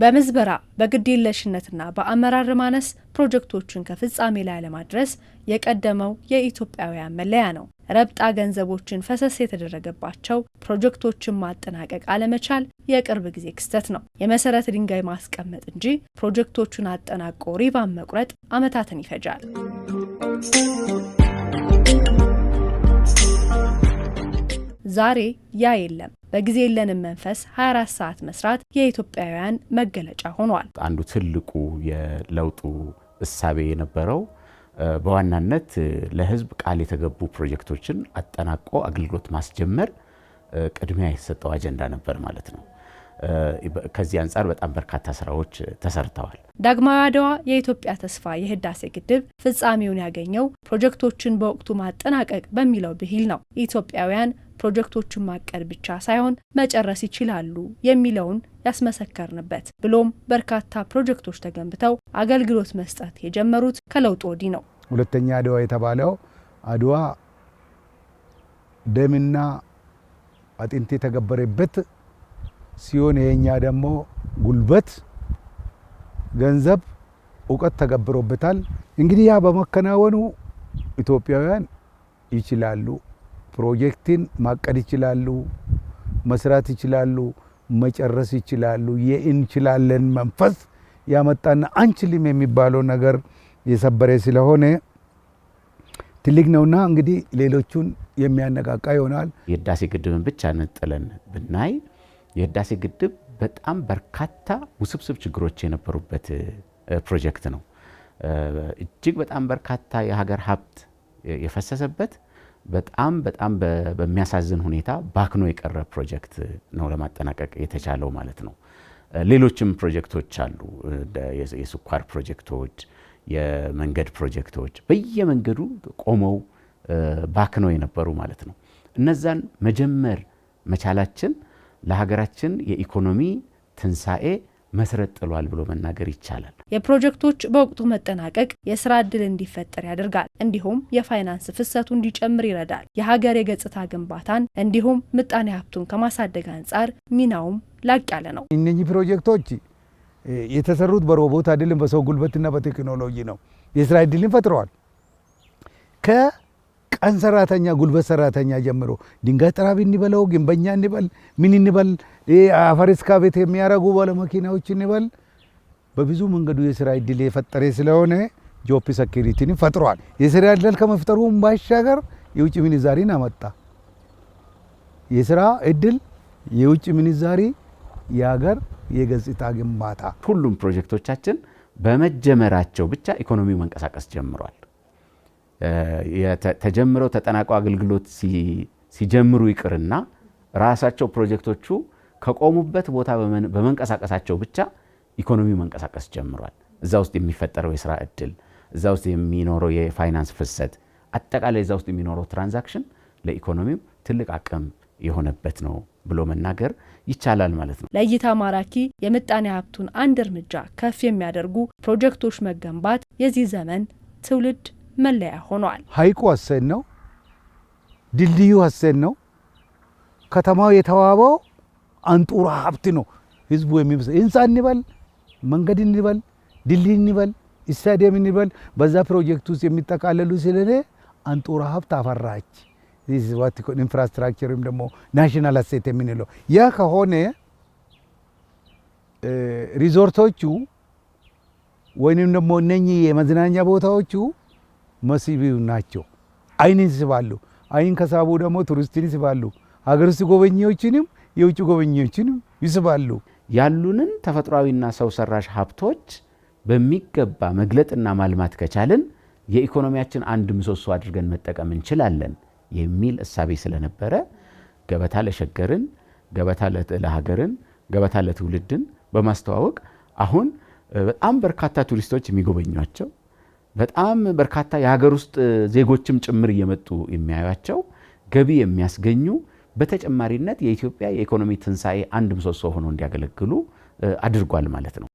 በምዝበራ በግዴለሽነትና በአመራር ማነስ ፕሮጀክቶችን ከፍጻሜ ላይ ለማድረስ የቀደመው የኢትዮጵያውያን መለያ ነው። ረብጣ ገንዘቦችን ፈሰስ የተደረገባቸው ፕሮጀክቶችን ማጠናቀቅ አለመቻል የቅርብ ጊዜ ክስተት ነው። የመሰረት ድንጋይ ማስቀመጥ እንጂ ፕሮጀክቶቹን አጠናቆ ሪቫን መቁረጥ ዓመታትን ይፈጃል። ዛሬ ያ የለም። በጊዜ የለንም መንፈስ 24 ሰዓት መስራት የኢትዮጵያውያን መገለጫ ሆኗል። አንዱ ትልቁ የለውጡ እሳቤ የነበረው በዋናነት ለህዝብ ቃል የተገቡ ፕሮጀክቶችን አጠናቆ አገልግሎት ማስጀመር ቅድሚያ የተሰጠው አጀንዳ ነበር ማለት ነው። ከዚህ አንጻር በጣም በርካታ ስራዎች ተሰርተዋል። ዳግማዊ አድዋ የኢትዮጵያ ተስፋ የህዳሴ ግድብ ፍጻሜውን ያገኘው ፕሮጀክቶችን በወቅቱ ማጠናቀቅ በሚለው ብሂል ነው። ኢትዮጵያውያን ፕሮጀክቶችን ማቀድ ብቻ ሳይሆን መጨረስ ይችላሉ የሚለውን ያስመሰከርንበት ብሎም በርካታ ፕሮጀክቶች ተገንብተው አገልግሎት መስጠት የጀመሩት ከለውጥ ወዲህ ነው። ሁለተኛ አድዋ የተባለው አድዋ ደምና አጥንት የተገበረበት ሲሆን ይሄኛ ደግሞ ጉልበት፣ ገንዘብ፣ እውቀት ተገብሮበታል። እንግዲህ ያ በመከናወኑ ኢትዮጵያውያን ይችላሉ፣ ፕሮጀክትን ማቀድ ይችላሉ፣ መስራት ይችላሉ፣ መጨረስ ይችላሉ። የእንችላለን መንፈስ ያመጣና አንችልም የሚባለው ነገር የሰበረ ስለሆነ ትልቅ ነውና እንግዲህ ሌሎቹን የሚያነቃቃ ይሆናል። የህዳሴ ግድብን ብቻ ነጥለን ብናይ የህዳሴ ግድብ በጣም በርካታ ውስብስብ ችግሮች የነበሩበት ፕሮጀክት ነው። እጅግ በጣም በርካታ የሀገር ሀብት የፈሰሰበት በጣም በጣም በሚያሳዝን ሁኔታ ባክኖ የቀረ ፕሮጀክት ነው ለማጠናቀቅ የተቻለው ማለት ነው። ሌሎችም ፕሮጀክቶች አሉ። የስኳር ፕሮጀክቶች፣ የመንገድ ፕሮጀክቶች በየመንገዱ ቆመው ባክኖ የነበሩ ማለት ነው። እነዛን መጀመር መቻላችን ለሀገራችን የኢኮኖሚ ትንሣኤ መሰረት ጥሏል ብሎ መናገር ይቻላል። የፕሮጀክቶች በወቅቱ መጠናቀቅ የስራ ዕድል እንዲፈጠር ያደርጋል፣ እንዲሁም የፋይናንስ ፍሰቱ እንዲጨምር ይረዳል። የሀገር የገጽታ ግንባታን እንዲሁም ምጣኔ ሀብቱን ከማሳደግ አንጻር ሚናውም ላቅ ያለ ነው። እነኚህ ፕሮጀክቶች የተሰሩት በሮቦት አይደለም፣ በሰው ጉልበትና በቴክኖሎጂ ነው። የስራ ዕድልን ፈጥረዋል። ቀን ሰራተኛ፣ ጉልበት ሰራተኛ ጀምሮ ድንጋይ ጥራቢ እንበለው፣ ግንበኛ እንበል፣ ምን እንበል፣ አፈር ቤት የሚያረጉ ባለመኪናዎች እንበል፣ በብዙ መንገዱ የስራ እድል የፈጠረ ስለሆነ ጆፕ ሰኪሪቲን ፈጥሯል። የስራ እድል ከመፍጠሩም ባሻገር የውጭ ምንዛሪን አመጣ። የስራ እድል፣ የውጭ ምንዛሪ፣ የሀገር የገጽታ ግንባታ፣ ሁሉም ፕሮጀክቶቻችን በመጀመራቸው ብቻ ኢኮኖሚው መንቀሳቀስ ጀምሯል። ተጀምረው ተጠናቀው አገልግሎት ሲጀምሩ ይቅርና ራሳቸው ፕሮጀክቶቹ ከቆሙበት ቦታ በመንቀሳቀሳቸው ብቻ ኢኮኖሚው መንቀሳቀስ ጀምሯል። እዛ ውስጥ የሚፈጠረው የስራ እድል፣ እዛ ውስጥ የሚኖረው የፋይናንስ ፍሰት፣ አጠቃላይ እዛ ውስጥ የሚኖረው ትራንዛክሽን ለኢኮኖሚው ትልቅ አቅም የሆነበት ነው ብሎ መናገር ይቻላል ማለት ነው። ለእይታ ማራኪ የምጣኔ ሀብቱን አንድ እርምጃ ከፍ የሚያደርጉ ፕሮጀክቶች መገንባት የዚህ ዘመን ትውልድ መለያ ሆኗል። ሀይቁ ሀሴን ነው። ድልድዩ ሀሴን ነው። ከተማው የተዋበው አንጡራ ሀብት ነው። ህዝቡ የሚብስ ህንፃ እንበል፣ መንገድ እንበል፣ ድልድይ እንበል፣ ስታዲየም እንበል በዛ ፕሮጀክት ውስጥ የሚጠቃለሉ ስለሆነ አንጡራ ሀብት አፈራች። ኢንፍራስትራክቸር ወይም ደግሞ ናሽናል አሴት የምንለው ያ ከሆነ ሪዞርቶቹ ወይንም ደግሞ እነኚህ የመዝናኛ ቦታዎቹ መስህብ ናቸው። አይንን ይስባሉ። አይን ከሳቡ ደግሞ ቱሪስትን ይስባሉ። ሀገር ውስጥ ጎበኚዎችንም የውጭ ጎበኚዎችንም ይስባሉ። ያሉንን ተፈጥሯዊና ሰው ሰራሽ ሀብቶች በሚገባ መግለጥና ማልማት ከቻልን የኢኮኖሚያችን አንድ ምሰሶ አድርገን መጠቀም እንችላለን የሚል እሳቤ ስለነበረ ገበታ ለሸገርን፣ ገበታ ለሀገርን፣ ገበታ ለትውልድን በማስተዋወቅ አሁን በጣም በርካታ ቱሪስቶች የሚጎበኟቸው በጣም በርካታ የሀገር ውስጥ ዜጎችም ጭምር እየመጡ የሚያዩቸው ገቢ የሚያስገኙ በተጨማሪነት የኢትዮጵያ የኢኮኖሚ ትንሣኤ አንድ ምሰሶ ሆኖ እንዲያገለግሉ አድርጓል ማለት ነው።